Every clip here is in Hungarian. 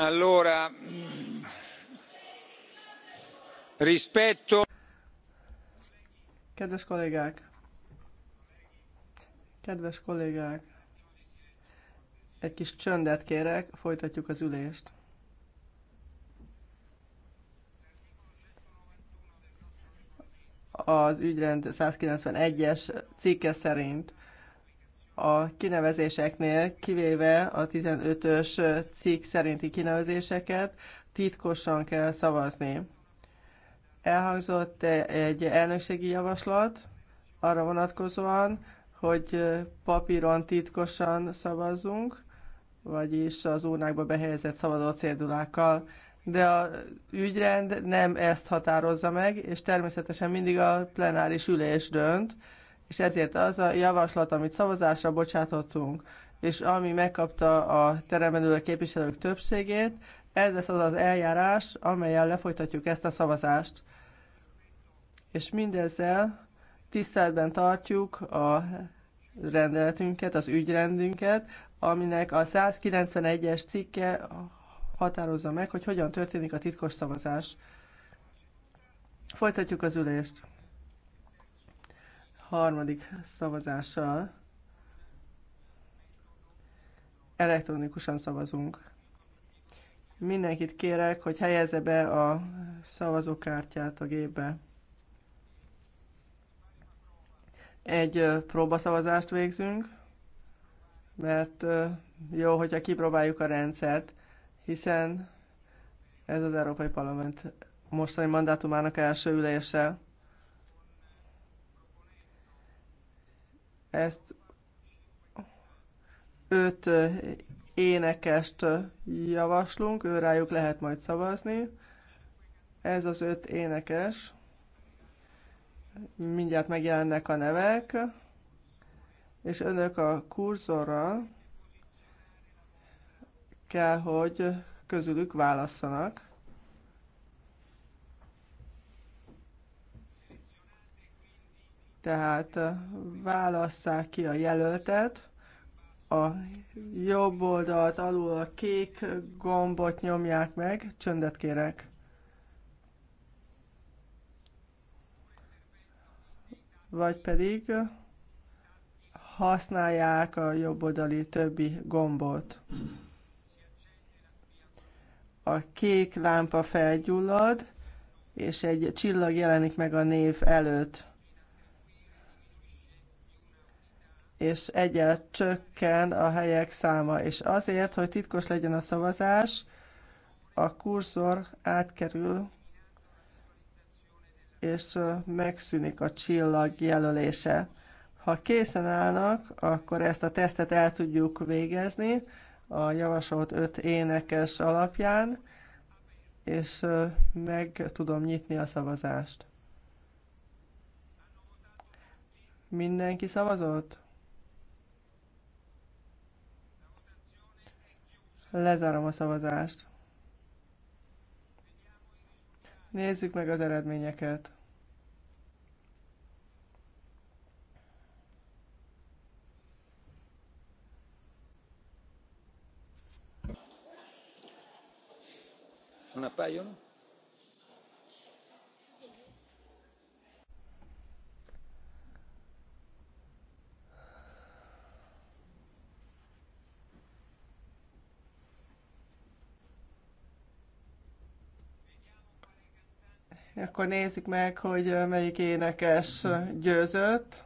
Allora, mm, rispetto... Kedves kollégák! Kedves kollégák! Egy kis csöndet kérek, folytatjuk az ülést. Az ügyrend 191-es cikke szerint a kinevezéseknél, kivéve a 15-ös cikk szerinti kinevezéseket, titkosan kell szavazni. Elhangzott egy elnökségi javaslat arra vonatkozóan, hogy papíron titkosan szavazzunk, vagyis az urnákba behelyezett szavazó cédulákkal. De a ügyrend nem ezt határozza meg, és természetesen mindig a plenáris ülés dönt, és ezért az a javaslat, amit szavazásra bocsátottunk, és ami megkapta a teremben ülő képviselők többségét, ez lesz az az eljárás, amelyel lefolytatjuk ezt a szavazást. És mindezzel tiszteletben tartjuk a rendeletünket, az ügyrendünket, aminek a 191-es cikke határozza meg, hogy hogyan történik a titkos szavazás. Folytatjuk az ülést harmadik szavazással. Elektronikusan szavazunk. Mindenkit kérek, hogy helyezze be a szavazókártyát a gépbe. Egy próbaszavazást végzünk, mert jó, hogyha kipróbáljuk a rendszert, hiszen ez az Európai Parlament mostani mandátumának első ülése. ezt öt énekest javaslunk, ő rájuk lehet majd szavazni. Ez az öt énekes. Mindjárt megjelennek a nevek, és önök a kurzorra kell, hogy közülük válasszanak. Tehát válasszák ki a jelöltet, a jobb oldalt alul a kék gombot nyomják meg, csöndet kérek. Vagy pedig használják a jobb oldali többi gombot. A kék lámpa felgyullad, és egy csillag jelenik meg a név előtt. és egyel csökken a helyek száma. És azért, hogy titkos legyen a szavazás, a kurzor átkerül, és megszűnik a csillag jelölése. Ha készen állnak, akkor ezt a tesztet el tudjuk végezni a javasolt öt énekes alapján, és meg tudom nyitni a szavazást. Mindenki szavazott? Lezárom a szavazást. Nézzük meg az eredményeket. Na, pályán? Akkor nézzük meg, hogy melyik énekes győzött.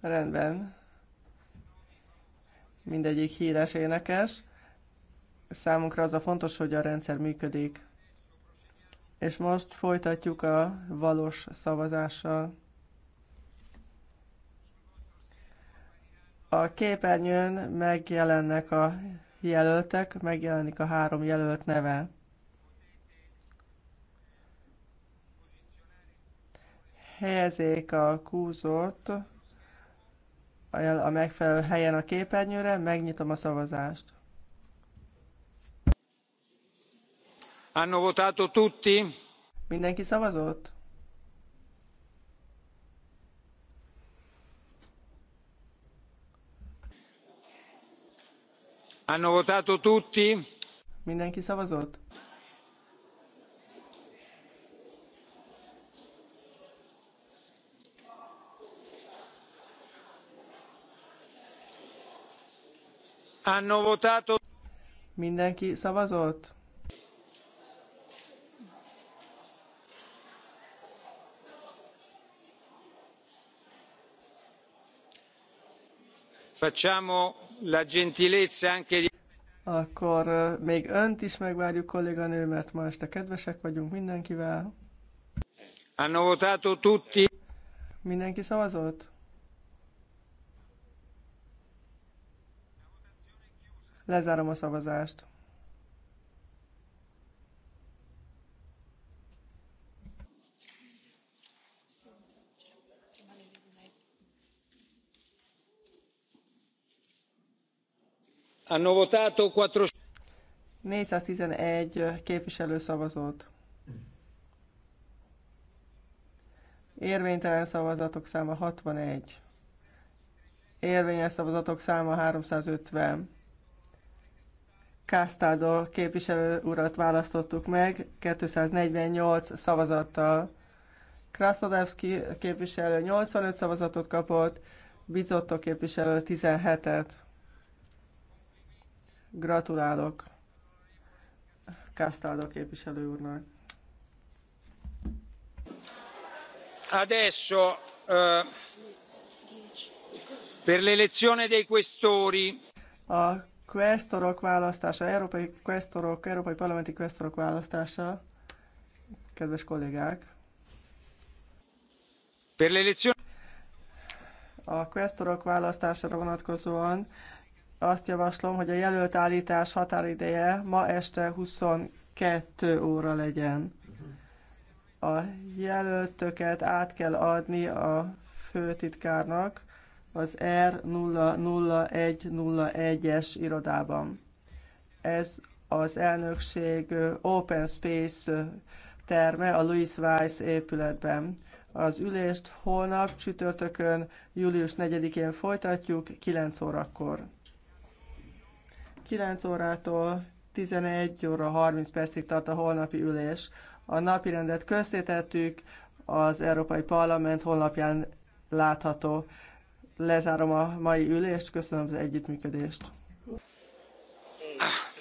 Rendben. Mindegyik híres énekes. Számunkra az a fontos, hogy a rendszer működik. És most folytatjuk a valós szavazással. A képernyőn megjelennek a jelöltek, megjelenik a három jelölt neve. Helyezék a kúzort a megfelelő helyen a képernyőre, megnyitom a szavazást. Hanno votato tutti? Mindenki szavazott? Hanno votato tutti? Mindenki szavazott? Hanno votato. Mindenki szavazott? Facciamo akkor még önt is megvárjuk, kolléganő, mert ma este kedvesek vagyunk mindenkivel. Mindenki szavazott? Lezárom a szavazást. 411 képviselő szavazott. Érvénytelen szavazatok száma 61. Érvényes szavazatok száma 350. Kásztádó képviselő urat választottuk meg 248 szavazattal. Krasnodevski képviselő 85 szavazatot kapott, Bizotto képviselő 17-et. Gratulálok Castaldo képviselő úrnak. Adesso uh, per l'elezione dei questori. A questorok választása, európai questorok, európai parlamenti questorok választása, kedves kollégák. Per l'elezione a questorok választására vonatkozóan azt javaslom, hogy a jelölt állítás határideje ma este 22 óra legyen. A jelöltöket át kell adni a főtitkárnak az R00101-es irodában. Ez az elnökség Open Space terme a Louis Weiss épületben. Az ülést holnap csütörtökön, július 4-én folytatjuk, 9 órakor. 9 órától 11 óra 30 percig tart a holnapi ülés. A napirendet közzétettük, az Európai Parlament honlapján látható. Lezárom a mai ülést, köszönöm az együttműködést. Ah.